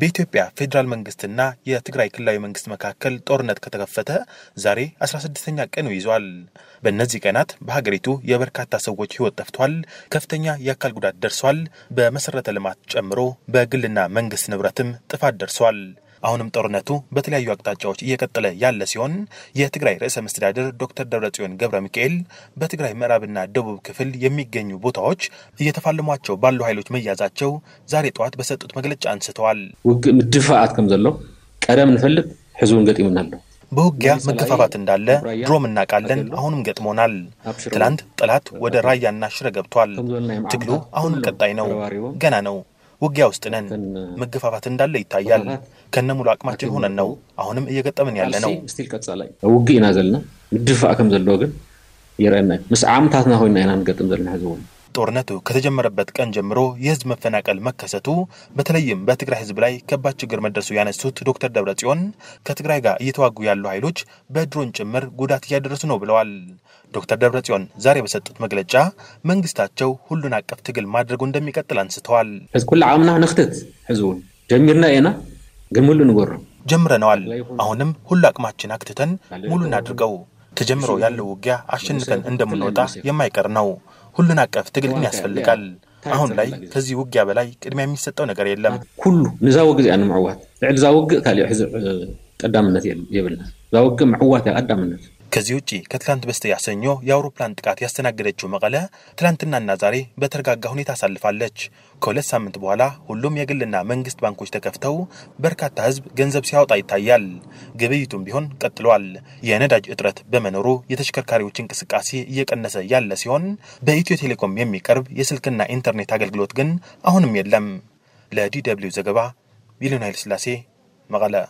በኢትዮጵያ ፌዴራል መንግስትና የትግራይ ክልላዊ መንግስት መካከል ጦርነት ከተከፈተ ዛሬ 16ኛ ቀን ይዟል። በእነዚህ ቀናት በሀገሪቱ የበርካታ ሰዎች ህይወት ጠፍቷል፣ ከፍተኛ የአካል ጉዳት ደርሷል፣ በመሰረተ ልማት ጨምሮ በግልና መንግስት ንብረትም ጥፋት ደርሷል። አሁንም ጦርነቱ በተለያዩ አቅጣጫዎች እየቀጠለ ያለ ሲሆን የትግራይ ርዕሰ መስተዳድር ዶክተር ደብረጽዮን ገብረ ሚካኤል በትግራይ ምዕራብና ደቡብ ክፍል የሚገኙ ቦታዎች እየተፋለሟቸው ባሉ ኃይሎች መያዛቸው ዛሬ ጠዋት በሰጡት መግለጫ አንስተዋል። ውግእ ከም ዘለው ቀደም ንፈልግ ህዝቡን ገጢምና ኣሎ በውጊያ መገፋፋት እንዳለ ድሮም እናውቃለን፣ አሁንም ገጥሞናል። ትላንት ጠላት ወደ ራያና ሽረ ገብቷል። ትግሉ አሁንም ቀጣይ ነው፣ ገና ነው። ውጊያ ውስጥ ነን። መገፋፋት እንዳለ ይታያል። ከነ ሙሉ አቅማችን ሆነን ነው አሁንም እየገጠምን ያለ ነው። ውጊእ ኢና ዘለና ምድፋእ ከም ዘለዎ ግን የርአና ምስ ዓምታትና ኮይና ኢና ንገጥም ዘለና ህዝቡ ጦርነቱ ከተጀመረበት ቀን ጀምሮ የህዝብ መፈናቀል መከሰቱ በተለይም በትግራይ ህዝብ ላይ ከባድ ችግር መድረሱ ያነሱት ዶክተር ደብረ ጽዮን ከትግራይ ጋር እየተዋጉ ያሉ ኃይሎች በድሮን ጭምር ጉዳት እያደረሱ ነው ብለዋል። ዶክተር ደብረ ጽዮን ዛሬ በሰጡት መግለጫ መንግስታቸው ሁሉን አቀፍ ትግል ማድረጉ እንደሚቀጥል አንስተዋል። ሕዚ ዓምና ንክትት ህዝቡን ጀሚርና ኢና ግን ሙሉ ንጎርም ጀምረነዋል። አሁንም ሁሉ አቅማችን አክትተን ሙሉ እናድርገው ተጀምሮ ያለው ውጊያ አሸንፈን እንደምንወጣ የማይቀር ነው። ሁሉን አቀፍ ትግል ግን ያስፈልጋል። አሁን ላይ ከዚህ ውጊያ በላይ ቅድሚያ የሚሰጠው ነገር የለም። ሁሉ ንዛ ውግእ ንምዕዋት ልዕሊ ዛ ውግእ ካልእ ሕዚ ቀዳምነት የብልና ዛ ውግእ ምዕዋት ቀዳምነት ከዚህ ውጪ ከትላንት በስቲያ ሰኞ የአውሮፕላን ጥቃት ያስተናገደችው መቀለ ትላንትናና ዛሬ በተረጋጋ ሁኔታ አሳልፋለች። ከሁለት ሳምንት በኋላ ሁሉም የግልና መንግስት ባንኮች ተከፍተው በርካታ ህዝብ ገንዘብ ሲያወጣ ይታያል። ግብይቱም ቢሆን ቀጥሏል። የነዳጅ እጥረት በመኖሩ የተሽከርካሪዎች እንቅስቃሴ እየቀነሰ ያለ ሲሆን በኢትዮ ቴሌኮም የሚቀርብ የስልክና ኢንተርኔት አገልግሎት ግን አሁንም የለም። ለዲ ደብልዩ ዘገባ ቢሊዮን ኃይለስላሴ መቀለ